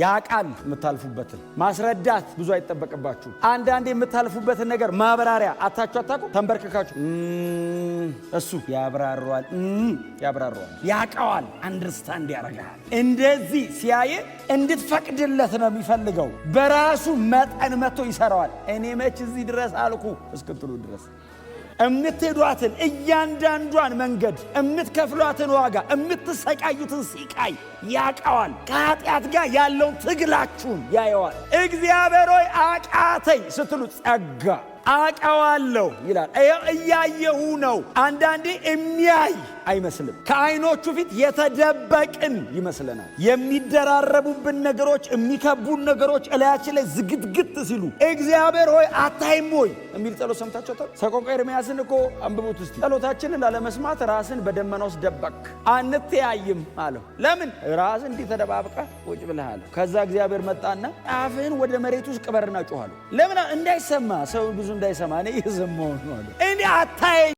ያቃል የምታልፉበትን ማስረዳት ብዙ አይጠበቅባችሁ። አንዳንድ የምታልፉበትን ነገር ማብራሪያ አታችሁ አታቁ ተንበርክካችሁ እሱ ያብራሯል ያብራረዋል፣ ያቀዋል፣ አንድርስታንድ ያደርግሃል። እንደዚህ ሲያየ እንድትፈቅድለት ነው የሚፈልገው። በራሱ መጠን መጥቶ ይሰራዋል። እኔ መች እዚህ ድረስ አልኩ እስክትሉ ድረስ የምትሄዷትን እያንዳንዷን መንገድ እምትከፍሏትን ዋጋ እምትሰቃዩትን ሲቃይ ያቀዋል። ከኃጢአት ጋር ያለውን ትግላችሁን ያየዋል። እግዚአብሔር ሆይ አቃተኝ ስትሉ ጸጋ አቀዋለሁ ይላል። እያየሁ ነው። አንዳንዴ የሚያይ አይመስልም። ከዓይኖቹ ፊት የተደበቅን ይመስለናል። የሚደራረቡብን ነገሮች፣ የሚከቡን ነገሮች እላያችን ላይ ዝግትግት ሲሉ እግዚአብሔር ሆይ አታይም ሆይ የሚል ጸሎት ሰምታቸው ተ ሰቆቃ ኤርምያስን እኮ አንብቡት ውስጥ ጸሎታችንን ላለመስማት ራስን በደመና ውስጥ ደበቅ፣ አንተያይም አለው። ለምን ራስ እንዲህ ተደባብቀ ቁጭ ብለህ ከዛ እግዚአብሔር መጣና አፍህን ወደ መሬት ውስጥ ቅበርና ጮኋለሁ። ለምን እንዳይሰማ ሰው ብዙ እንዳይሰማ እኔ እየሰማሁ ነው አለ። እኔ አታየኝ